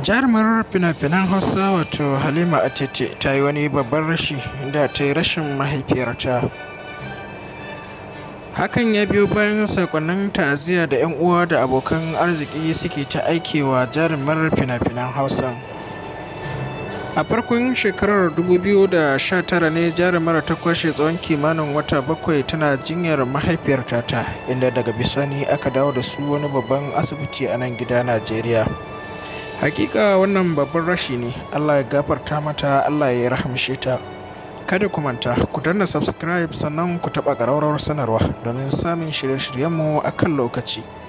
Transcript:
jarumar fina-finan hausa wato halima atete ta yi wani babban rashi da ta yi rashin mahaifiyarta hakan ya biyo bayan sakonnin ta'aziyya da 'yan uwa da abokan arziki suke ta aikewa jarumar fina-finan hausa a farkon shekarar 2019 ne jarumar ta kwashe tsawon kimanin wata bakwai tana jinyar mahaifiyar tata inda daga bisani aka dawo da su wani babban asibiti a nan gida najeriya hakika wannan babban rashi ne allah ya gafarta mata allah ya rahamshe ta kada ku manta ku danna subscribe sannan ku taɓa ƙararrawar sanarwa domin samun shirye-shiryenmu a kan lokaci